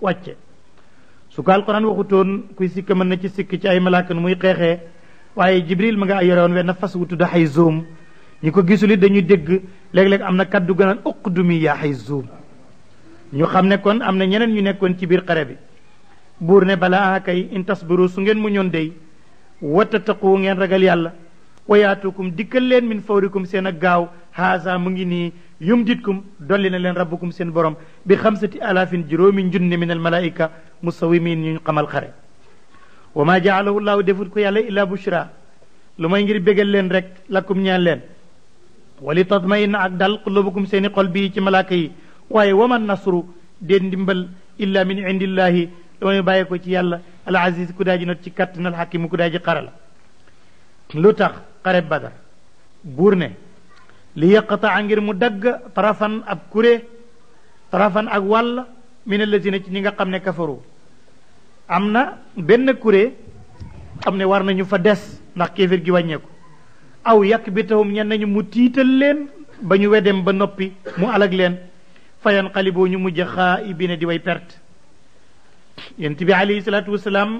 wàcce su ko alquran waxutoon kuy sikk mën na ci sikk ci ay malaaka nu muy xeexee waaye jibril ma nga yore woon wenn fas wu tudd xay zoom ñi ko gisul it dañuy dégg léeg-léeg am na kaddu gën a uqdumi yaa xay zoom ñu xam ne kon am na ñeneen ñu nekkoon ci biir xare bi buur ne balaa kay in tasbiru su ngeen mu ñoon dey wattattaqu ngeen ragal yàlla wayaatukum dikkal leen min fawrikum seen ak gaaw haasa mu ngi nii yum ditkum dolli na leen rabbukum seen borom bi xamsati alaafin juróomi njunni min al malaika musawimin ñu xamal xare wa maa jaalahu llahu defut ko yàlla illaa bushra lu may ngir bégal leen rek lakkum ñaan leen wali tatmainna ak dal qulubukum seeni xol bii ci malaaka yi waaye wama nasru deen ndimbal illa min indillahi lu may bàyyi ko ci yàlla al aziz ku daaji not ci kattan al xakimu ku daaji xara la lu tax xare badar buur li yaqataa ngir mu dagg tarafan ab kuré tarafan ak wàll min allazina ci ñi nga xam ne kafaru am na benn kuré xam ne war nañu fa des ndax kéefir gi wàññeeku aw yàq bi taxum ñen nañu mu tiital leen ba ñu wedem ba noppi mu alag leen fayoon xaliboo ñu mujj xaa i bine di way perte yent bi alayhi salaatu wasalaam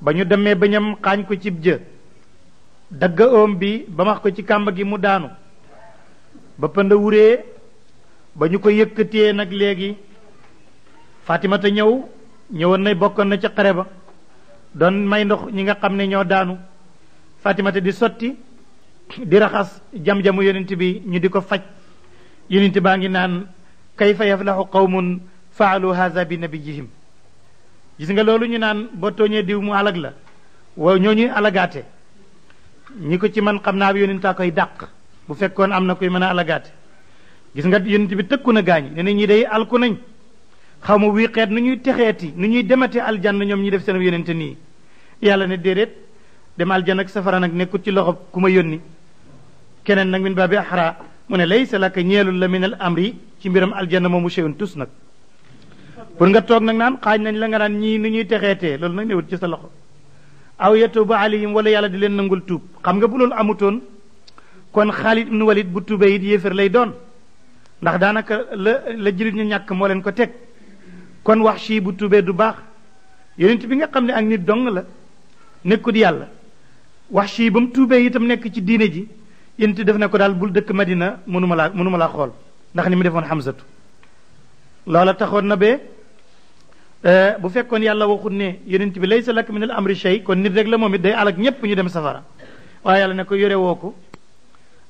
ba ñu demee bañam xaañ ko cib jë dagg oom bi ba ko ci kàmba gi mu daanu ba pënd wuree ba ñu ko yëkkatee nag léegi Fatimata ñëw ñëwoon na bokkoon na ca xare ba doon may ndox ñi nga xam ne ñoo daanu Fatimata di sotti di raxas jam-jamu yonent bi ñu di ko faj yonent baa ngi naan kayfa yaflahu qawmun faalu haza bi nabiyihim gis nga loolu ñu naan boo tooñee diw mu alag la waaw ñoo ñuy alagaate ñi ko ci man xam naa ab yónintaa koy dàq bu fekkoon am na koy mën a alagaate gis nga yónent bi tëkku na gaañ ne na ñi day alku nañ xaw ma wiixeet nu ñuy texeeti nu ñuy demate aljanna ñoom ñi def seen yónente nii yàlla ne déedéet dem aljanna ak safara nag nekkut ci loxo ku ma yónni keneen nag min baabi axra mu ne laysa laka ñeelul la min al amri ci mbiram moom moomu shay'un tus nag pour nga toog nag naan xaaj nañ la nga naan ñii nu ñuy texeetee loolu nag newut ci sa loxo aw yatubu alayhim wala yàlla di leen nangul tub xam nga bu lol amuton kon khalid ibn Walid bu tuubee it yefer lay don ndax danaka la la jullit ñu ñak mo len ko tek kon wax shi bu tuubee du bax yonent bi nga xam ak nit dong la nekkut yàlla wax shi bam mu itam nek ci diine ji yonent def ne ko dal bul dëkk Madina munuma la munuma la xol ndax ni mi defon Hamzatu lola taxon na be Eh, bu fekkoon yàlla waxut ne yonent bi laysa lak min al amri kon nit rek la moom it day alak ñépp ñu dem safara waaye yàlla ne ko yore woo ko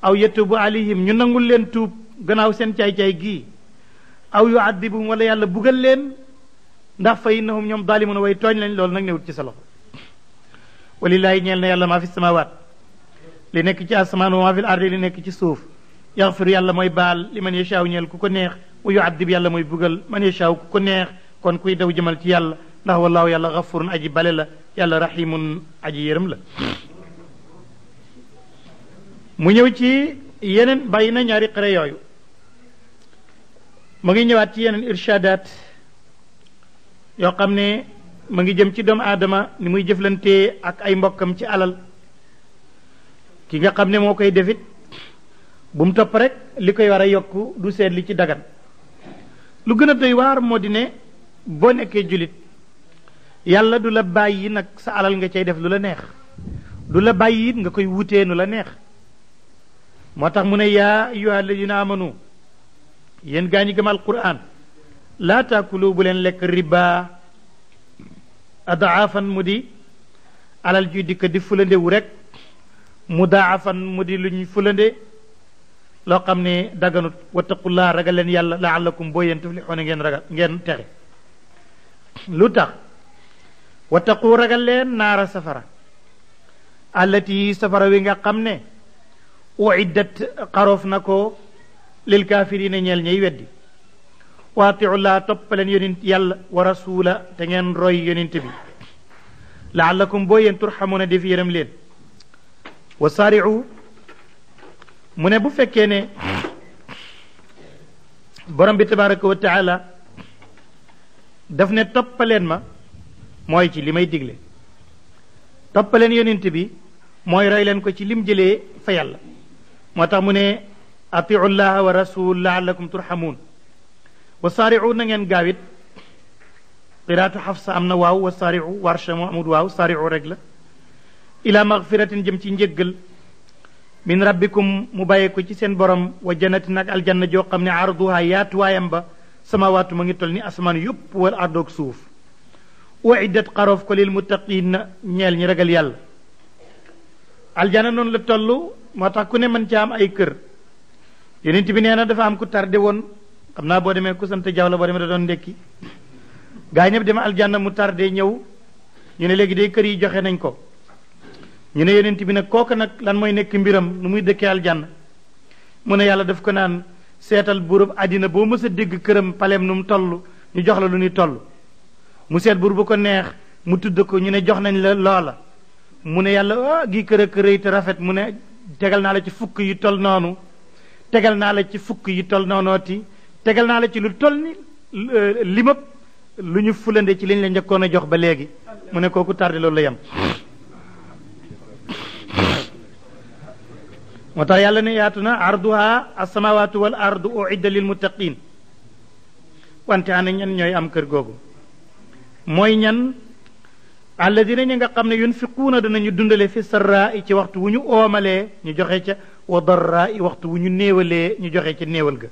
aw yatubu alayhim ñu nangul leen tuub gannaaw seen caay-caay gii aw yu addibuhum wala yàlla buggal leen ndax fa innahum ñoom daalimun way tooñ lañ loolu nag newut ci sa loxo walilaahi yàlla maa fi samawaat li nekk ci asamaan wa maa fi ardi li nekk ci suuf yaxfiru yàlla mooy baal li man yashaaw ñeel ku ko neex wa yu addib yàlla mooy ko neex kon kuy daw jëmal ci yàlla ndax wallaahu yàlla xafurun aji bale la yàlla raximun aji yërëm la mu ñëw ci yeneen bàyyi na ñaari xare yooyu mu ngi ñëwaat ci yeneen irshadaat yoo xam ne mu ngi jëm ci doomu aadama ni muy jëflante ak ay mbokkam ci alal ki nga xam ne moo koy defit bu mu topp rek li koy war a yokk du seet li ci dagan lu gën doy waar moo di ne boo nekkee jullit yàlla du la bàyyi nag sa alal nga cay def lu la neex du la bàyyi nga koy wutee nu la neex moo tax mu ne yaa ayyuha na amanu yéen gaa ñi gëm alquran laa taakulu bu leen lekk riba adaafan mu di alal juy dikk di fulande wu rek mu mudaafan mu di luñ fulande loo xam ne daganut laa ragal leen yàlla laalakum boo yéen tuflixoona ngeen ragal ngeen texe lu tax wattaqu ragal leen naara safara allati safara wi nga xam ne uiddat xaroof na ko lil kaafirina ñeel ñay weddi waatiu laa toppaleen yonent yàlla wa rasula te ngeen roy yonent bi laallakum boo yéen turxamuuna def yërëm leen wa saariu mu ne bu fekkee ne borom bi tabaraka wa daf ne toppaleen ma mooy ci li may digle toppaleen yonent bi mooy roy leen ko ci lim jëlee fa yàlla moo tax mu ne atiu llaha wa rasul laallakum turhamuun wa saariu na ngeen gaawit qiraatu xafsa am na waaw wa saariu warsha moo amul waaw saariu rek la ila magfiratin jëm ci njëggal min rabbikum mu bàyyee ko ci seen borom wa jannatin ak aljanna joo xam ne arduha yaatuwaayam ba samaawaatu ma ngi toll ni asmaan yëpp wal ardoog suuf uiddat xaroof ko lil na ñeel ñi ragal yàlla aljana noonu la toll moo tax ku ne mën ca am ay kër yonent bi nee na dafa am ku tardé woon xam naa boo demee ku sant jaw la boo demee da doon ndekki gaa ñëpp dem aljanna mu tarde ñëw ñu ne léegi day kër yi joxe nañ ko ñu ne yonent bi nag kooku nag lan mooy nekk mbiram nu muy dëkkee aljanna mu ne yàlla daf ko naan seetal buurub àddina boo mës a dégg këram palem nu mu tollu ñu jox la lu ñuy toll mu seet buur bu ko neex mu tudd ko ñu ne jox nañ la loola mu ne yàlla ah gi kër a kër te rafet mu ne tegal naa la ci fukk yi toll noonu tegal naa la ci fukk yi toll noonooti tegal naa la ci lu toll ni euh, limëb lu ñu fulande ci liñ la njëkkoon a jox ba léegi mu ne kooku tardi loolu la yem moo tax yàlla ne yaatu na arduha asamawaatu wal ardu uidda lil muttaqin wante ana ñan ñooy am kër googu mooy ñan alladina ñi nga xam ne yunfiquuna danañu dundale fi sarraai ci waxtu wu ñu oomalee ñu joxe ca wa darraai waxtu wu ñu néewalee ñu joxe ca neewal ga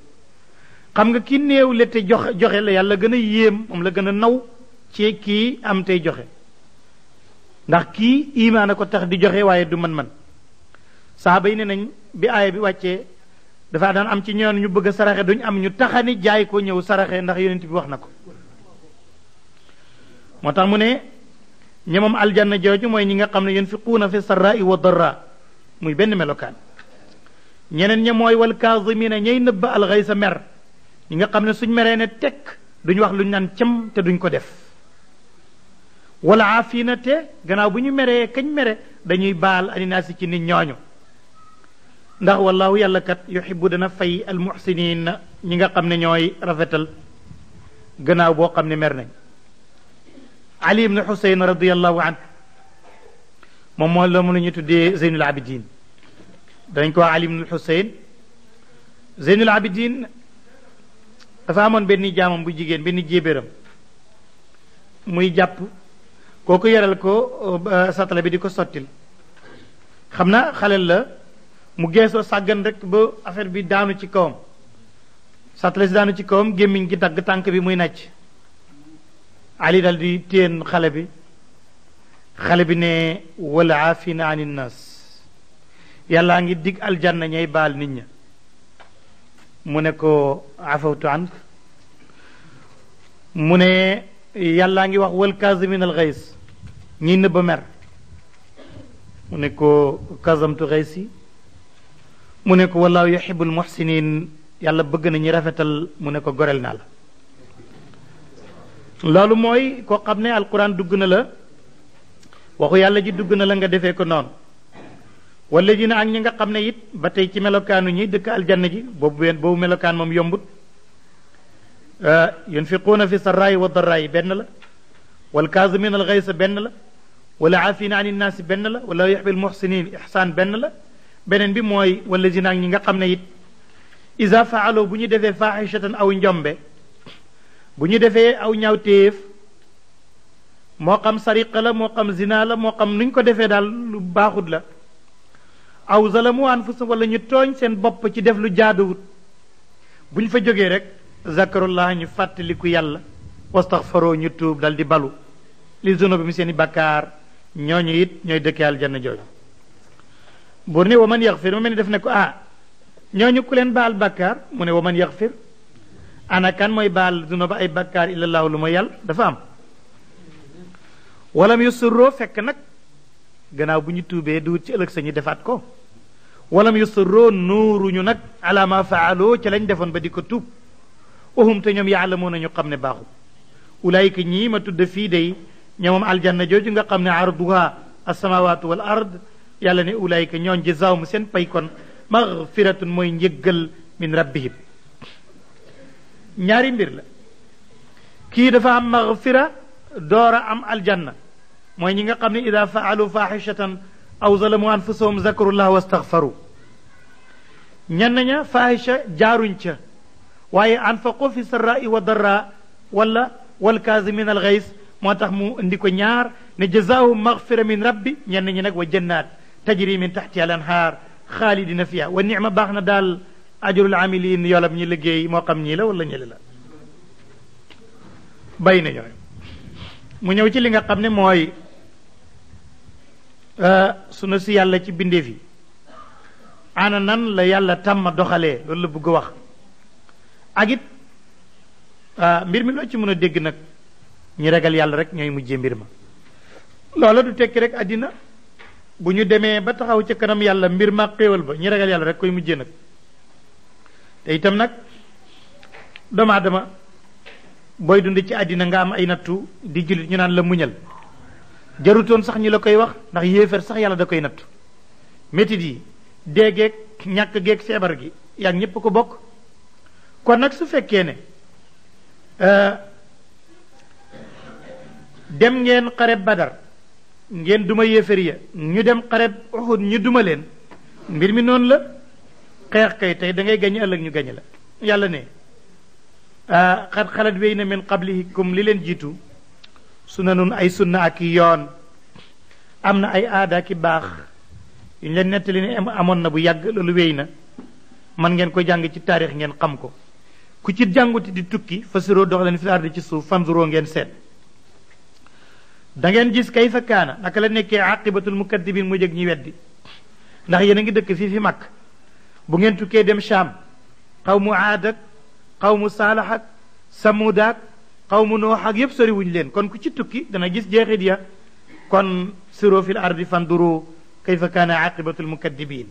xam nga ki néewle te joxe la yàlla gën a yéem moom la gën a naw ci kii am tey joxe ndax kii imaana ko tax di joxe waaye du man-man saxaaba yi ne nañ bi aaya bi wàccee dafa daan am ci ñoon ñu bëgg a saraxe duñ am ñu taxani jaay ko ñëw saraxe ndax yonent bi wax na ko moo tax mu ne ñemam aljanna jooju mooy ñi nga xam ne yunfiquuna fi sarraai wa darra muy benn melokaan ñeneen ña mooy wal kaazimina ñay nëbb sa mer ñi nga xam ne suñ meree ne tekk duñ wax luñ naan cam te duñ ko def wala aafina te gannaaw bu ñu meree kañ mere dañuy baal aninaasi ci nit ñooñu ndax wallahu yàlla kat yuhibbu dana fay al muhsinin ñi nga xamne ñoy rafetal gënaaw bo xamne mer nañ ali ibn husayn radiyallahu an moom mo la mu ñu tuddé zainul abidin dañ ko ali ibn husayn zainul abidin dafa amoon benn jaamam bu jigen benn jébéram muy jàpp koku yaral ko satala bi diko sotil xamna xalel la mu geesoo sàggan rek ba affaire bi daanu ci kawam satala si daanu ci kawam gémmiñ gi dagg tànk bi muy nàcc ali dal di téen xale bi xale bi ne wal aafina an innas yàllaa ngi dig aljanna ñay baal nit ña mu ne ko afawtu ank mu ne yàllaa ngi wax wal kaasimin al xays ñiy nëbba mer mu ne ko kaasamtu xays yi mu ne ko wallaahu yuhibbul muhsinin yàlla bëgg na ñu rafetal mu ne ko goreel naa la loolu mooy koo xam ne alquran dugg na la waxu yàlla ji dugg na la nga ko ak nga xam ne ci melokanu ñi dëkk janna ji bobu ben bobu melokan mom yombut yunfiquna fi sarai wa darai ben la wal kaasimin al ghaysa ben la wala afina an nas ben la wala al muhsinin ihsan ben la beneen bi mooy wala zina ak ñi nga xam ne it isa faalo bu ñu defee faaxishatan aw njombe bu ñu defee aw ñaawteef moo xam sariqa la moo xam zina la moo xam nuñ ko defee daal lu baaxut la aw zalamu anfusahum walla ñu tooñ seen bopp ci def lu jaaduwut bu ñu fa jógee rek zakarullah ñu fàttaliku yàlla wastaxfaroo ñu tuub dal di balu li zuno bi mu seen i bakkaar ñooñu it ñooy dëkkee aljanna jooju buur ne wa man yaxfir mu mel ni def ne ko ah ñooñu ku leen baal bakkaar mu ne wa man yaxfir ana kan mooy baal dunuba ay bakkaar illallahu lu mooy yàlla dafa am walam yusurroo fekk nag gannaaw bu ñu tuubee duut ci ëllëg sañu defaat ko walam yusurroo nuuruñu nag ala ma faaloo ca lañ defoon ba di ko tuub uhum te ñoom yaalamoo nañu xam ne baaxu ulaayika ñii ma tudd fii day ñoomam aljanna jooju nga xam ne arduha asamawaatu wal ard yàlla ne ulaayika ñooñ jazaahum seen pay kon magfiratun mooy njëggal min rabbihim ñaari mbir la kii dafa am magfira door a am aljanna mooy ñi nga xam ne ida faalu faaxishatan aw zalamu anfusahum zakarullah wastaghfaru ñenn ña faahisha jaaruñ ca waaye anfaqu fi sarra'i wa darra wala wal min al moo tax mu indi ko ñaar ne jazaahu magfira min rabbi ñenn ñi nag wa jannaat tajri min taxtiha al anhaar xaalidina fiha wa nicma baax na daal ajrul amilin yolab ñi liggéey moo xam ñii la wala ñële la bay na ñooy mu ñëw ci li nga xam ne mooy euh, sunu si yàlla ci bindeef yi ana nan la yàlla tàmm doxalee loolu la bëgg wax ak it euh, mbir mi loo ci mën a dégg nag ñi ragal yàlla rek ñooy mujjee mbir ma loola du tekki rek àddina bu ñu demee ba taxaw ci kanam yàlla mbir ma xéewal ba ñi ragal yàlla rek koy mujjee nag te itam nag doomu aadama booy dund ci àddina nga am ay nattu di jullit ñu naan la muñal jarutoon sax ñu la koy wax ndax yéefar sax yàlla da koy nattu métit yi dee geeg ñàkk geeg feebar gi yaa ñépp ko bokk kon nag su fekkee ne euh, dem ngeen xare badar ngeen duma yéefar ya ñu dem xareb Uhud ñu duma leen mbir mi noonu la xeex kay tey dangay ngay gañe ñu gañe la yàlla ne ah, xat xalat wey na min qablihikum li leen jiitu su ne sunanun ay sunna ak yoon am na ay aada ki baax yu ñu leen nettali ne amoon na bu yàgg loolu wey na man ngeen ko jàng ci taarix ngeen xam ko ku ci jànguti di tukki fasiroo dox leen fi ardi ci suuf fanzuroo ngeen seet da ngeen gis kay fa kana nak la nekké aqibatul mukaddibin mu jëg ñi weddi ndax yéen ngi dëkk fi fi mak bu ngeen tukkee dem sham qawm mu aad ak xaw mu saalax ak samuud ak xaw mu noox ak yëpp soriwuñ leen kon ku ci tukki dana gis jeexit ya kon siru fil ardi fanduru kayfa kana aqibatul mukaddibin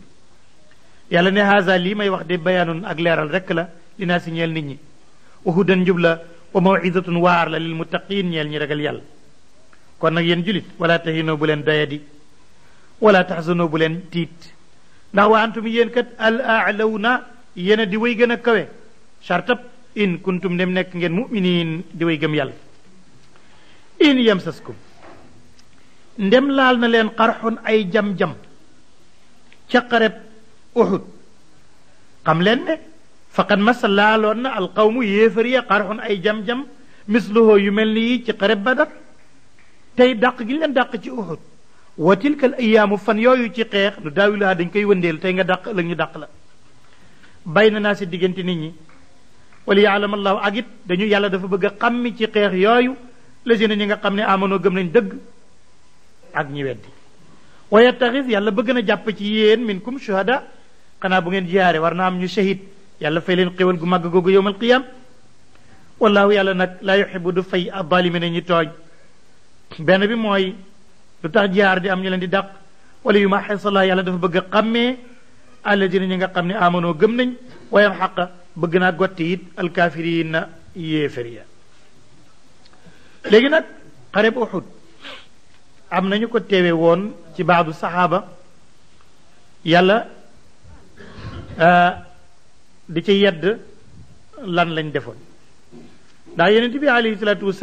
yàlla ne haza li may wax de bayanun ak leral rek la dina naa si ñeel nit ñi uhudan jubla wa mawizatun war la lil muttaqin ñeel ñi ragal yàlla kon nag yéen julit wala tahinoo bu leen doyadi wala taxsanoo bu leen tiit ndax wa antum yéen kat al aalawna yéen a di way gën a kawe chartab in kuntum dem nekk ngeen muminin di way gëm yàlla in yamsaskum ndem laal na leen xarxun ay jam-jam ca xareb uxud xam leen ne faqad mas laaloon na alqawmu yéefar ya xarxun ay jam-jam misluhoo yu mel ni yi ci xareb badar tey dàq gi leen dàq ci Uhud wa tilka ayaamu fan yooyu ci xeex nu daawilaa dañ koy wëndeel tey nga dàq ëllëg ñu dàq la bay na naa si diggante nit ñi wala yaalam allahu ak it dañu yàlla dafa bëgg a xàmmi ci xeex yooyu lésina ñi nga xam ne amanoo gëm nañ dëgg ak ñi weddi waaye taxis yàlla bëgg na jàpp ci yéen min kum shuhada xanaa bu ngeen jiyaare war na am ñu shahid yàlla fay leen xéwal gu màgg googu yowmal qiyaam wallaahu yàlla nag laa yuxibu du fay abalimi na ñu tooñ benn bi mooy lu tax jaar di am ñu leen di dàq wala yu ma xesalaa yàlla dafa bëgg a xàmmee alladina ñi nga xam ne amanoo gëm nañ wayam xaq bëgg naa gotti it alkaafiriin na yéefér ya léegi nag xareb Uhud am nañu ko teewe woon ci baadu saxaaba yàlla euh, di ci yedd lan lañ defoon ndax yonent bi alayhi salaatu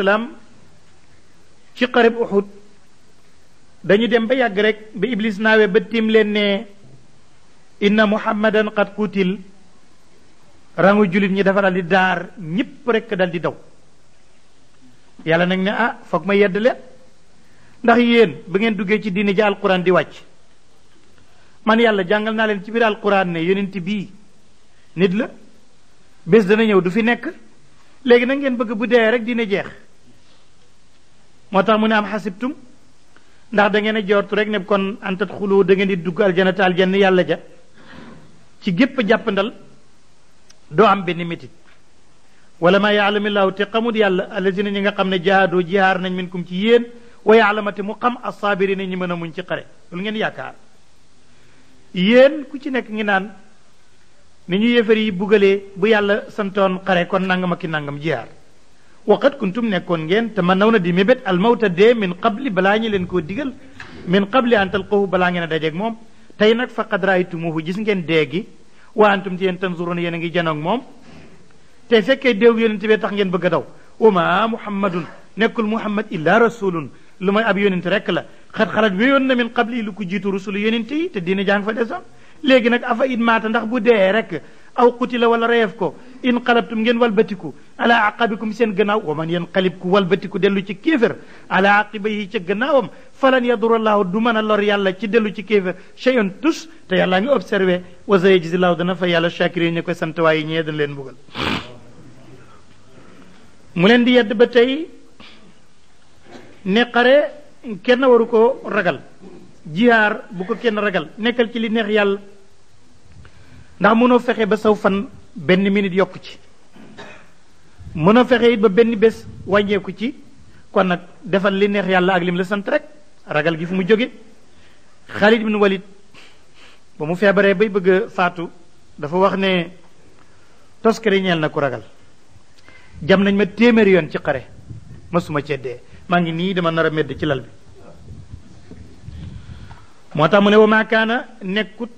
ci xareb uxud dañu dem ba yàgg rek ba iblis naawe ba tiim leen ne inna muhammadan qad qutil rangu jullit ñi dafa dal di daar ñëpp rek dal di daw yàlla nag ne ah foog ma yedd leen ndax yéen ba ngeen duggee ci diine ji alquran di wàcc man yàlla jàngal naa leen ci biir alquran ne yonent bii nit la bés dana ñëw du fi nekk léegi nag ngeen bëgg bu dee rek dina jeex moo tax mu ne am xasibtum ndax dangeen ngeen a jortu rek ne kon antat xulu dangeen ngeen di dugg aljana te aljanna yàlla ja ci gépp jàppandal doo am benn métit wala ma yaalamillahu te xamut yàlla alazina ñi nga xam ne jaadoo jihaar nañ min kum ci yéen wa yaalamate mu xam assaabirina ñi mën a muñ ci xare loolu ngeen yaakaar yéen ku ci nekk ngi naan ni ñu yéefar yi bugalee bu yàlla santoon xare kon nangama ki nangam jihaar وقد كنتم نكون جن تمنون دي مبت الموت دي من قبل بلاني لن ديغل من قبل أن تلقوه بلاني نداجك موم تينك فقد رأيتموه جسن جن ديغي وأنتم تين تنظرون ينجي جنوك موم تفك ديو جن تبي تخن بغداو وما محمد نكل محمد إلا رسول لما أبي ين تركلا خد خرج بيون من قبل لكو جيتو رسول ينتي تدين جان فدسان لكنك أفا إدمات نخبو ديرك أو قتل ولا ريفكو inqalabtum ngeen walbatiku ala aqabikum seen gannaaw wa man yanqalib ku walbatiku dellu ci kéefér ala aqibayhi ca gannaawam falan yadurallahu du mën a lor yàlla ci dellu ci kéefér cheyon tus te yàllaa ngi observé wa sayajzillahu dana fa yàlla shakirin ñu koy sant waaye ñee dañ leen bëggal mu leen di yedd ba tey ne xare kenn waru ko ragal jihaar bu ko kenn ragal nekkal ci li neex yàlla ndax mënoo fexe ba saw fan benn nit yokku ci mën a fexe it ba benn bés wàññeeku ci kon nag defal li neex yàlla ak lim la sant rek ragal gi fu mu jóge Xaalid ibn Walid ba mu feebaree bay bëgg a faatu dafa wax ne toskare ñeel na ku ragal jam nañ ma téeméeri yoon ci xare masuma ceddee maa ngi nii dama nar a medd ci lal bi moo tax mu ne wa maakaana nekkut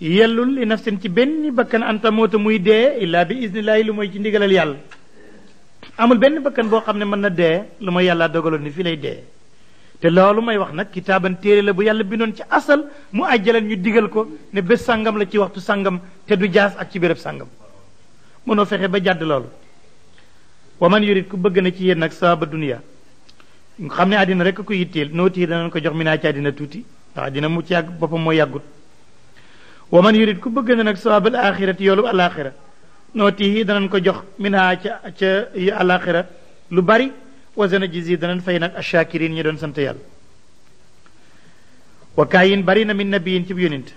yellul li nafsin ci benn bakkan anta moota muy dee illaa bi isnillaahi lu mooy ci ndigalal yàlla amul benn bakkan boo xam ne mën na dee lu ma yàlla dogaloon ni fii lay dee te loolu may wax nag kitaaban téere la bu yàlla bindoon ci asal mu àjjaleen ñu digal ko ne bés sàngam la ci waxtu sàngam te du jaas ak ci béréb sàngam mënoo fexe ba jàdd loolu wa man yurit ku bëgg na ci yéen nag saaba duniya xam ne àddina rek ku yitteel nooti danañ ko jox mi naa tuuti ndax àddina mu ci yàgg wa man yurid ku bëgg na nag sawaabal axirati yoolu alaxira nootihi danañ ko jox minha ca ca yu lu bari wa sanajzi danañ fay nag achakirin ñu doon sant yàlla wa kaayin bari na min nabiyin ci yonent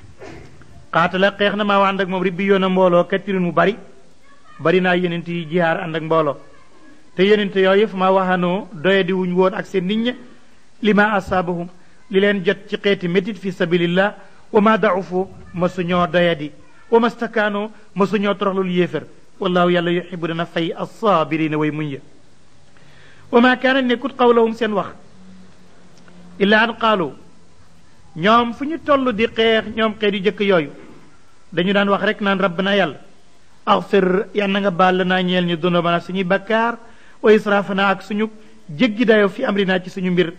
xaatala xeex na maa wa ànd ak moom ribbi yoon a mbooloo kattirin mu bari bari naa yonent yi jihaar ànd mbooloo te yonent yooyu yëf maa waxanoo doye woon ak seen nit ña li ma asaabahum li leen jot ci xeeti métit fi sabilillah wa ma daufu ma suñoo doyadi wa ma stakaanu ma suñoo toroxlul yéefar wallahu yàlla yuxibu dana fay assaabirina way muñ ya wa ma kaana nekkut qawlahum seen wax illa an qaalu ñoom fu ñu toll di xeex ñoom xeet yu yooyu dañu daan wax rek naan rabbana yàlla axfir yal na nga baal naa ñeel ñu dundobanaa suñuy bakkaar wa israfanaa ak suñu jéggi dayo fi amrinaa ci suñu mbir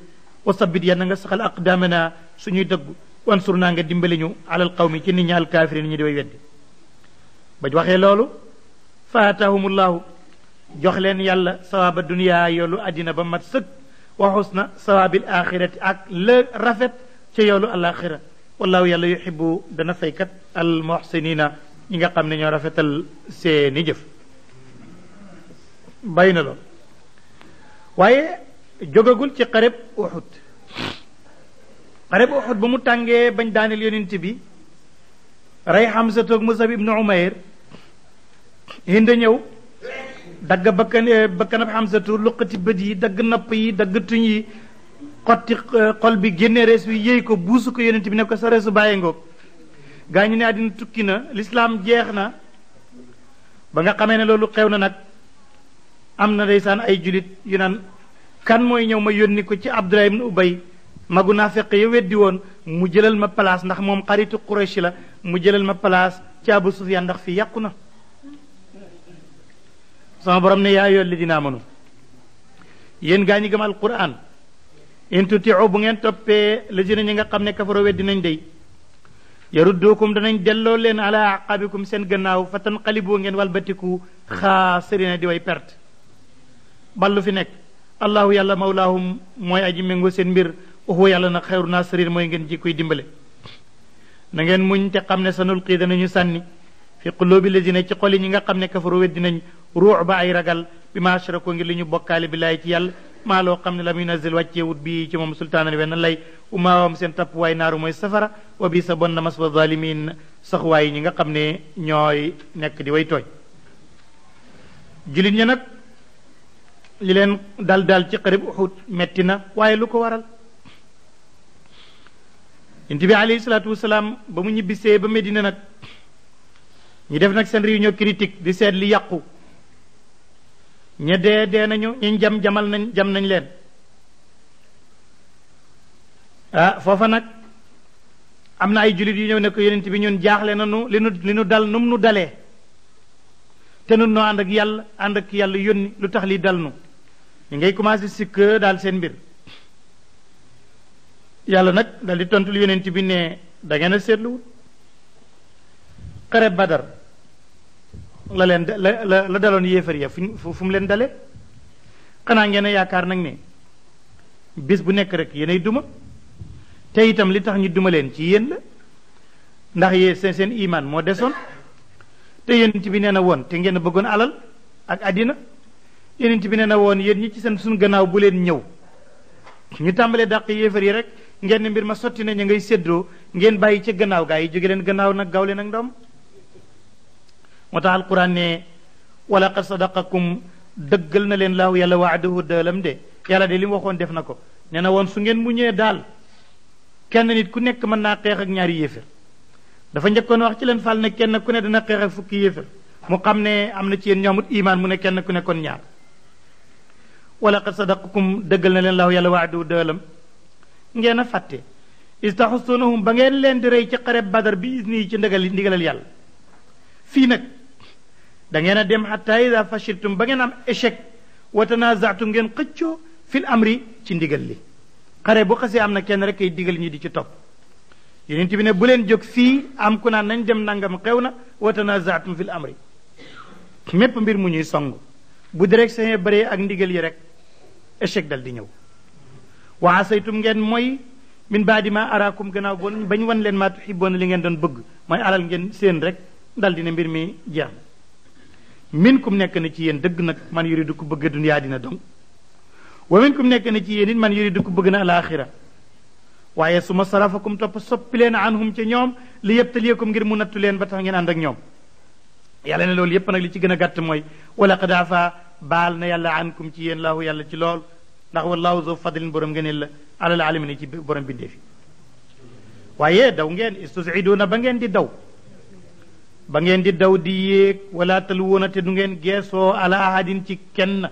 wa sabbit yal na nga saxal aqdamanaa suñuy dëggu wansur naa nga dimbali ñu alal qawmi ci nit ñi alkaafirin ñu di way weddi ba waxee loolu faatahumullahu jox leen yàlla sawaaba duniyaa yoolu àddina ba mat sëkk wa xusna sawaabil axirati ak la rafet ci yoolu alaxira wallahu yàlla yuhibbu dana faykat al muhsinina ñi nga xam ne ñoo rafetal seeni jëf bay na loolu waaye jógagul ci xareb Uhud xare bu Uhud ba mu tàngee bañ daaneel yonent bi rey Hamza toog Musab ibnu Umayr Hind ñëw dagg bakkan eh, bakkanab Hamzatu luqati bët yi dagg napp yi dagg tuñ yi xotti eh, xol bi génne rees bi yéy ko buusu ko yonent bi ne ko sa reesu bàyyi ngoog gaa ñu ne àddina tukki na lislaam jeex na ba nga xamee ne loolu xew na nag am na ndeysaan ay julit yu naan kan mooy ñëw ma yónni ko ci Abdullah ibn Ubay magu nafiq ya weddi won mu jëlal ma place ndax mom xaritu quraysh la mu jëlal ma place ci abu sufyan ndax fi yakuna sama borom ne ya yol li dina manu yéen gañi gam alquran in tutiu bu ngeen topé le jina ñi nga xamne kafaro weddi nañ day yaruddukum danañ dello leen ala aqabikum sen gannaaw fa tanqalibu ngeen walbatiku xaasirina di way perte ballu fi nek allahu yalla mawlahum moy aji mengo sen mbir waxuwa yàlla na xayru naasirin mooy ngeen ji koy dimbale na ngeen muñ te xam ne sa sanulqii danañu sànni fi qulubi lazina ci xol yi ñi nga xam ne kafaru weddi nañ ruux ba ay ragal bi ma ashraku ngir li ñu bokkaale billaay ci yàlla maa loo xam ne la muy nazil wàcceewut bi ci moom sultaanan wenn lay umaawam seen tapp waay naaru mooy safara wa bi sa bon na mas ba zalimin sax waay ñi nga xam ne ñooy nekk di way tooy jullit ña nag li leen dal dal ci metti na yonent bi alayhi salaatu ba mu ñibbisee ba Medina nag ñu def nag seen réunion critique di seet li yàqu ña dee dee nañu ñuñ jam jamal nañ jam nañ leen ah foofa nag am na ay jullit yu ñëw nekk ko bi ñun jaaxle nanu li nu li nu dal num nu dalee te nun noo ànd ak yàlla ànd ak yàlla yónni lu tax li dal nu ñu ngay commencé sikk daal seen mbir yàlla nag dal di tontul yonent bi ne da ngeen a seetluwut xare badar la leen la la la daloon yéefar ya fu mu leen dale xanaa ngeen a yaakaar nag ne bis bu nekk rek yéenay duma te itam li tax ñu duma leen ci yéen la ndax yee seen seen imaan moo desoon te yonent bi nee na woon te ngeen bëggoon alal ak àddina yonent bi nee na woon yéen ñi ci seen suñ gannaaw bu leen ñëw ñu tàmbalee dàq yéefar yi rek ngeen mbir ma sotti na ñu ngay séddoo ngeen bàyyi ca gannaaw gaa yi jóge leen gannaaw nag gaaw leen ak ndoom moo tax alquran ne wala qad sadaqakum dëggal na leen laahu yàlla waadahu dëlam de li mu def na ko nee na woon su ngeen muñee daal kenn nit ku nekk mën naa xeex ak ñaari yéefér dafa njëkkoon wax ci leen fal ne kenn ku ne dina xeex ak fukki yéefér ne am na ci yéen imaan mu ne kenn ku nekkoon ñaar wala qad sadaqakum dëggal na leen laahu yàlla waadahu ngeen a fàtte istaxusunahum ba ngeen leen di rey ci xareb badar bi nii ci ndigal ndigalal yàlla fii nag dangeen a dem xata ida fashiltum ba ngeen am échec wa tanazatum ngeen xëccoo fil amri ci ndigal li xare bu xasee am na kenn rek kay digal ñi di ci topp yonent bi ne bu leen jóg fii am ku naan nañ dem nangam xew na wa tanazatum fil amri mépp mbir mu ñuy song bu direction yi bëree ak ndigal yi rek échec dal di ñëw wa asaytum ngeen mooy min baadi ma araakum gannaaw boon bañ wan leen maa tuxibboon li ngeen doon bëgg mooy alal ngeen seen rek dal dina mbir mi jeex min kum nekk na ci yéen dëgg nag man yuridu ku bëgg dunyaa dina dong wa min kum nekk na ci yéen it man yuridu ku bëgg na alaaxira waaye su ma sarafakum topp soppi leen anhum ca ñoom li yëpp yabtaliyakum ngir mu nattu leen ba tax ngeen ànd ak ñoom yàlla ne loolu yépp nag li ci gën a gàtt mooy wala qad afa baal na yàlla kum ci yéen laahu yàlla ci lool ndax wallahu zu fadlin borom ngeen la alal alamina ci borom bindee fi waaye daw ngeen istusiduuna ba ngeen di daw ba ngeen di daw di yéeg wala taluwoona te du ngeen geesoo ala ci kenn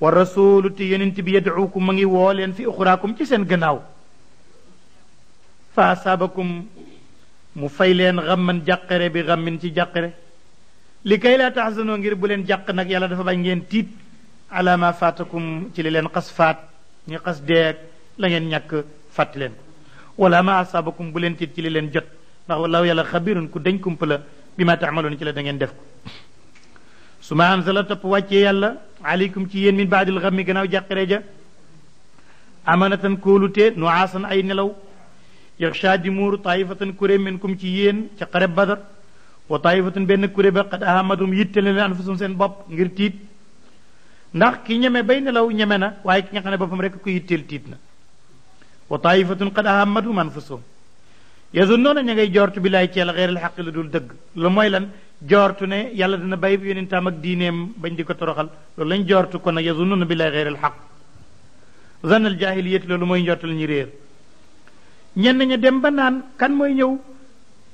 wa rasulu te yonent bi yadcuukum ma ngi woo leen fi ci seen gannaaw fa asaabakum mu fay leen xamman jàqare bi xammin ci jàqare li kay laa taxsanoo ngir bu leen jàq nag yàlla dafa bañ ngeen tiit ala ma faatakum ci li leen xas faat ñu xas deeg la ngeen ñàkk fàtt leen wala ma asaabakum bu leen tiit ci li leen jot ndax wallahu yàlla xabirun ku dañ kumpa la bi ma taamaloon ci la da ngeen def ko su ma anzala topp wàccee yàlla aleykum ci yéen min baadil xam mi gannaaw jàqire ja amanatan kóolute nu ay nelaw yaxsha di muuru kuré min ci yéen ca xareb badar wa taayifatan benn kuré ba qad ahamadum yittale anfusum seen bopp ngir tiit ndax ki ñeme bay law ñeme na waaye ki nga xam ne boppam rek ku yitteel tiit na wa taifatun qad ahammatuhum anfusuhum yazunnoona ña ngay jortu bi laay ceel xeeral xaq la dul dëgg lu mooy lan jortu ne yàlla dina bay yonentam ak diineem bañ di ko toroxal loolu lañ jortu kon nag yazunnoona bi laay xeeral xaq zan al jahiliyati loolu mooy njortu ñi ñu réer ñenn ña dem ba naan kan mooy ñëw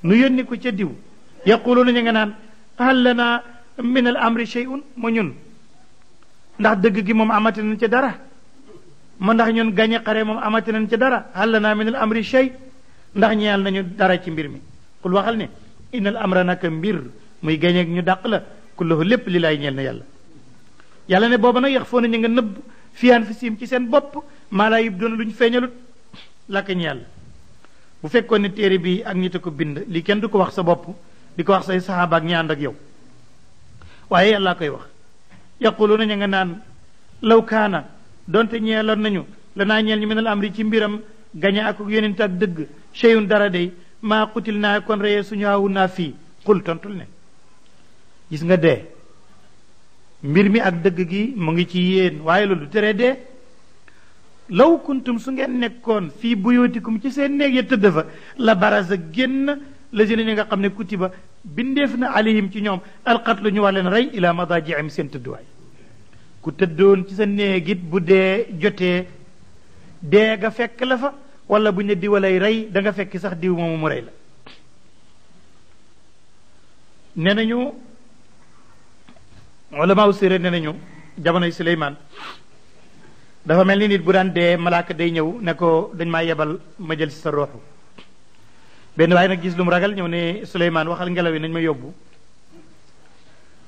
nu yónni ko ca diw yaquluna ñu nga naan hal lana min al amri shay'un mu ñun ndax dëgg gi moom amati nañ ci dara ma ndax ñun gañe xare moom amati nañ ci dara hal min al amri shay ndax ñeal nañu dara ci mbir mi kul waxal ne innal amra naka mbir muy gañeeg ñu dàq la kullahu lépp li lay ñeel na yàlla yàlla ne booba nag yax na ñu nga nëbb fi siim ci seen bopp mala yib doon luñ feeñalut lakk ñeel bu fekkoon ne téere bi ak nit ko bind li kenn du ko wax sa bopp di ko wax say sahaba ak ñaan ak yow waaye yàlla koy wax yaquluuna ña nga naan law kaana donte ñeeloon nañu lanaa ñeel ñu am amri ci mbiram gañe ak yonent ak dëgg cheyun dara day maa qutil naa kon reyee suñu awu naa fii xul tontul ne gis nga dee mbir mi ak dëgg gi mu ngi ci yéen waaye loolu tere dee law kuntum su ngeen nekkoon fii bu buyootikum ci seen néeg ya tëdd fa la barasa génn la jëne ñi nga xam ne kutiba bindeef na alayhim ci ñoom alqatlu ñu war leen rey ila madajiim seen tëdduwaay ku tëddoon ci sa néegit bu dee jotee dee nga fekk la fa wala bu ñu diwa rey danga nga fekk sax diw moomu mu rey la nee nañu ulamaaw séré nee nañu jamonoy Suleymaan dafa mel ni nit bu daan dee malaaka day ñëw ne ko dañ maa yebal ma jël si sa rooxu benn waaye nag gis lu mu ragal ñëw ne Suleymaan waxal ngelaw yi nañ ma yóbbu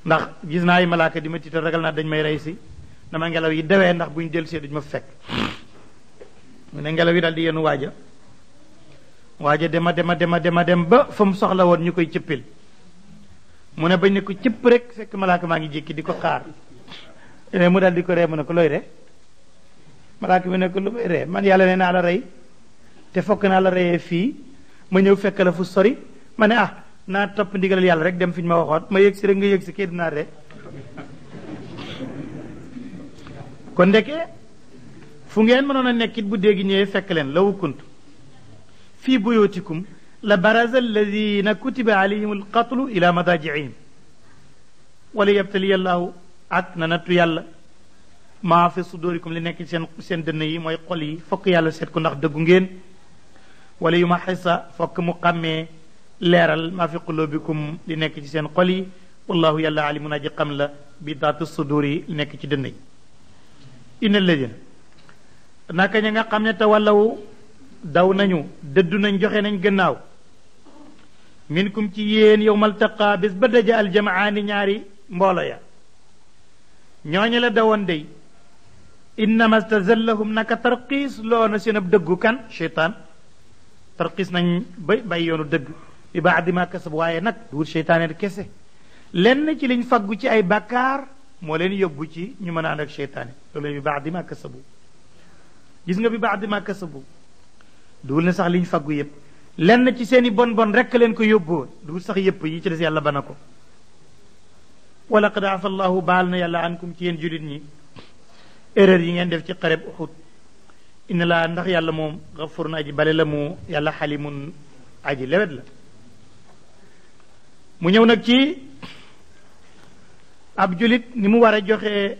ndax gis naa ay malaaka di ma tiital ragal naa dañ may rey si dama ngelaw yi dewee ndax bu buñ delsee dañ ma fekk mu ne ngelaw yi dal di yenu waaja waaja dema dema dema dema dem ba fa mu soxla woon ñu koy cëppil mu ne bañ ne ko cëpp rek fekk malaaka maa ngi jékki di ko xaar ne mu daal di ko ree mu ne ko looy ree malaaka mi ne ko man yàlla nee naa la rey te fokk naa la reyee fii ma ñëw fekk la fu sori ma ne ah naa topp ndigalal yàlla rek dem fi ñu ma waxoon ma yëg si rek nga yëg si kii dinaa ree kon ndekee fu ngeen mënoon a nekkit bu dégg ñëwee fekk leen law kuntu fii buyootikum la baraza alladina kutiba alayhim alqatlu ila madaajiihim wala yabtaliya allahu ak na fi sudurikum li nekk seen seen dënn yi mooy xol yi fokk yàlla seet ko ndax dëggu ngeen wala yu ma xisa fokk mu xàmmee leeral maa fi qulubikum li nekk ci seen xol yi wallahu yàlla alimun aji xam la bi daatu suduri li nekk ci dënn yi inna alladina naka ña nga xam ne te wallaw daw nañu dëddu nañ joxe nañ gannaaw minkum ci yéen yow mal taqa bés ba daja aljamaani ñaari mboolo ya ñooñu la dawoon day innama stazallahum naka tarqiis loo na seen ab dëggu kan cheytaan tarxiis nañ ba bay yoonu dëgg bi baadi ma kasab waaye nag duwut seytaane kese lenn ci liñ faggu ci ay bàkkaar moo leen yóbbu ci ñu mën a ànd ak seytaane loolu bi baadi ma kasabu gis nga bi baadi ma kasabu duwul ne sax liñ faggu yépp lenn ci seeni bon bon rekk leen ko yóbboo duwul sax yépp yi ci des yàlla bana ko walaqad afa allahu baal na yàlla ankum ci yen julit ñi erreur yi ngeen def ci xareb uxut inna laa ndax yàlla moom xafurun aji bale la mu yàlla xalimun aj lewet la mu ñëw nag ci ab julit ni mu war a joxe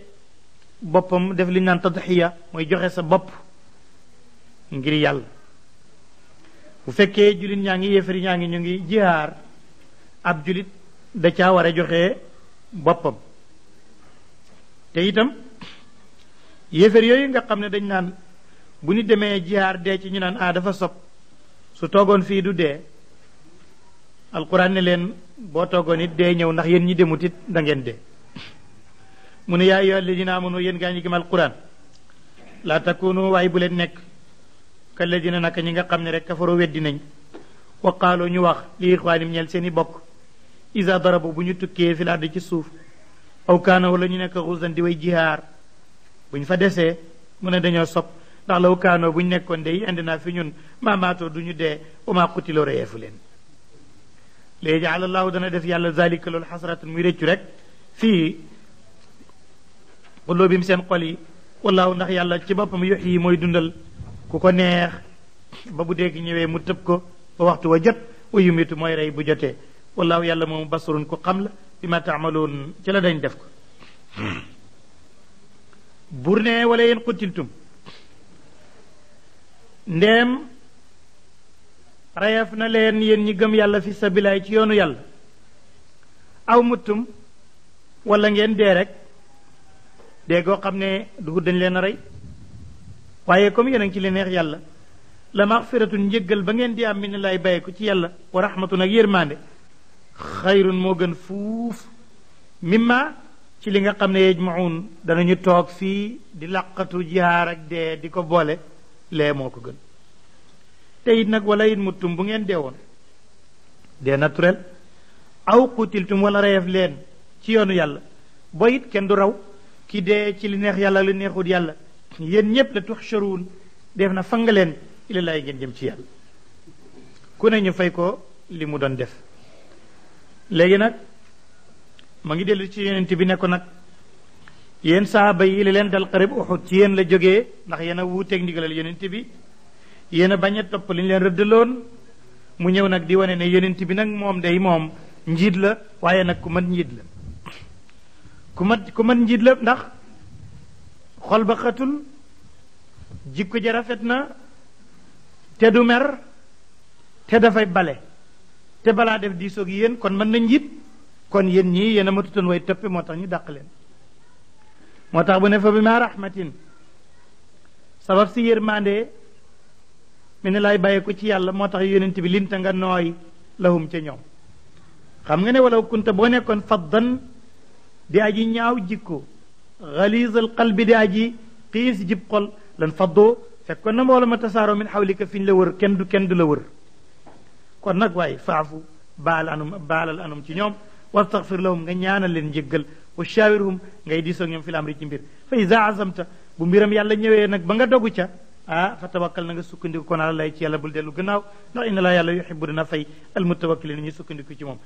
boppam def li ñu naan tadxiya mooy joxe sa bopp ngir yàlla bu fekkee julit ñaa ngi yéefari ñaa ngi ñu ngi jihaar ab julit da caa war a joxe boppam te itam yéefar yooyu nga xam ne dañ naan bu ñu demee jihaar dee ci ñu naan ah dafa sob su toogoon fii du dee alquran ne leen boo toogoon it dee ñëw ndax yéen ñi demut it dangeen ngeen dee mu ne yaa ayyuha alladina amanu yéen gaa ñi gëm alquran laa takunu waaye bu leen nekk ka ladina naka ñi nga xam ne rek kafaru weddi nañ wa qaalu ñu wax li ixwaanim ñeel seen i bokk isa darabu bu ñu tukkee fi laardi ci suuf aw kaana wala ñu nekk xuusan di way jihaar bu ñu fa desee mu ne dañoo sob ndax law kaano buñ nekkoon day indi naa fi ñun maamaatoo duñu dee umaa qutiloo reyeefu leen léegi àlallahu dana def yàlla zalika loolu xasratan muy rëccu rek fii xuloo bim mu seen xol yi wallaahu ndax yàlla ci boppam yox yi mooy dundal ku ko neex ba bu dégg ñëwee mu tëb ko ba waxtu wa jot wa yumitu mooy rey bu jotee wallaahu yàlla moomu basarun ku xam la bi ma taamaloon ci la dañ def ko bur ne wala yéen qutiltum ndem reyef na leen yéen ñi gëm yàlla fi sabilaay ci yoonu yàlla aw muttum wala ngeen dee rek dee goo xam ne dugu dañ leen a rey waaye comme yéen a ci li neex yàlla la maxfiratun njëggal ba ngeen di am mi ne lay bàyyeeku ci yàlla wa rahmatun ak yërmande xayrun moo gën fuuf mimma ci li nga xam ne yejmaun danañu toog fii di laqatu jihaar ak dee di ko boole lee moo ko gën te it nag wala it muttum bu ngeen dee deewoon dee naturel aw xutiltum wala reyef leen ci yoonu yàlla boo it kenn du raw ki dee ci li neex yàlla li neexut yàlla yéen ñépp la tuxsharuun def na fanga leen lay laay ngeen jëm ci yàlla ku ne ñu fay ko li mu doon def léegi nag ma ngi dellu ci yonent bi ne nag yen sahaba yi leen dal qareb uhud ci yen la joge ndax yena a wuuteeg ndigalal yonent bi yena baña top liñ leen reddelon mu ñew nak di wone ne yonent bi nak mom day mom njiit la waye nak ku man njiit la ku mat ku man njiit la ndax xol ba xatul jikko ja rafetna te du mer te fay bale te bala def sok yeen kon man na njit kon yeen ñi yena matutun way tëppe motax ñu dakk leen motax bu ne fa bima rahmatin sabab si yërmande min lay baye ko ci yàlla motax yonent bi linta nga noy lahum ci ñom xam nga ne walaw kunta boo nekkoon faddan di aji ñaaw jikko ghaliz al qalb di aji qis jib qol lan faddoo fekkoon na mboolo ma tasaaroo min hawlika fiñ la wër kenn du kenn du la wër kon nak way faafu balanum balal anum ci ñom wastaghfir lahum nga ñaanal leen njëggal wa shaawirhum ngay diisoo ñoom fi amri ci mbir fa iza azamta bu mbiram yàlla ñëwee nag ba nga dogu ca ah fa tawakkal na nga sukkandiku kon ala lay ci yàlla bul dellu gannaaw ndax inna laa yàlla yuhibbu dana fay al mutawakkilin ñu sukkandiku ci moom